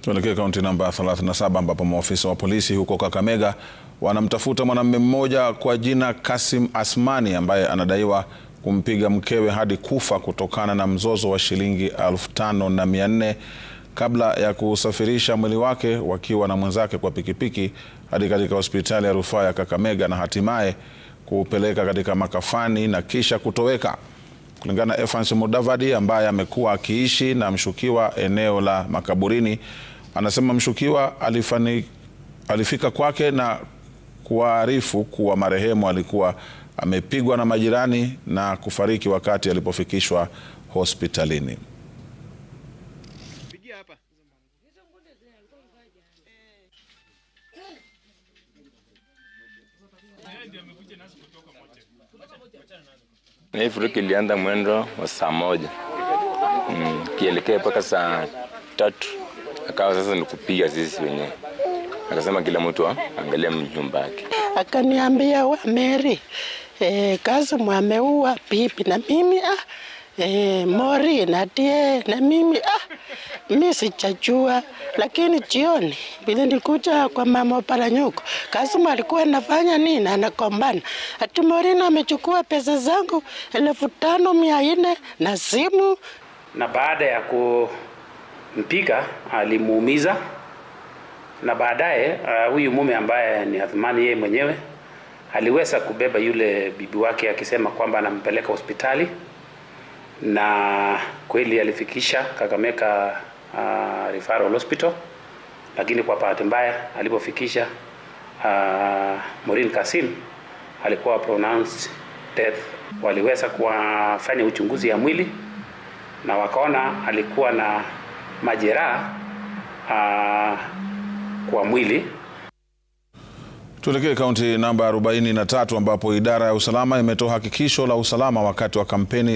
Tuelekee kaunti namba 37 ambapo maofisa wa polisi huko Kakamega wanamtafuta mwanamume mmoja kwa jina Kasim Asmani ambaye anadaiwa kumpiga mkewe hadi kufa kutokana na mzozo wa shilingi elfu tano na mia nne kabla ya kusafirisha mwili wake wakiwa na mwenzake kwa pikipiki hadi katika hospitali ya rufaa ya Kakamega na hatimaye kupeleka katika makafani na kisha kutoweka. Kulingana na Evans Mudavadi ambaye amekuwa akiishi na mshukiwa eneo la makaburini Anasema mshukiwa alifani, alifika kwake na kuwaarifu kuwa marehemu alikuwa amepigwa na majirani na kufariki wakati alipofikishwa hospitalini. Hii furuki ilianza mwendo wa saa moja mm, kielekea mpaka saa tatu akawa sasa ni kupiga sisi wenyewe. Akasema kila mtu angalia nyumba yake. Akaniambia wa Mary, eh, kazi mwameua pipi na mimi ah, eh, mori na tie na mimi ah, mimi sichajua, lakini jioni bila nikuja kwa mama Paranyuko, kazi alikuwa anafanya nini, anakombana ati Morina amechukua pesa zangu elfu tano mia nne na simu na baada ya ku Mpika ah, alimuumiza na baadaye uh, huyu mume ambaye ni Athmani yeye mwenyewe aliweza kubeba yule bibi wake akisema kwamba anampeleka hospitali, na kweli alifikisha kakameka uh, ah, Referral Hospital, lakini kwa bahati mbaya alipofikisha uh, morin kasim alikuwa pronounced death. Waliweza kuwafanya uchunguzi ya mwili na wakaona alikuwa na majeraha ah, kwa mwili. Tuelekee kaunti namba 43 ambapo idara ya usalama imetoa hakikisho la usalama wakati wa kampeni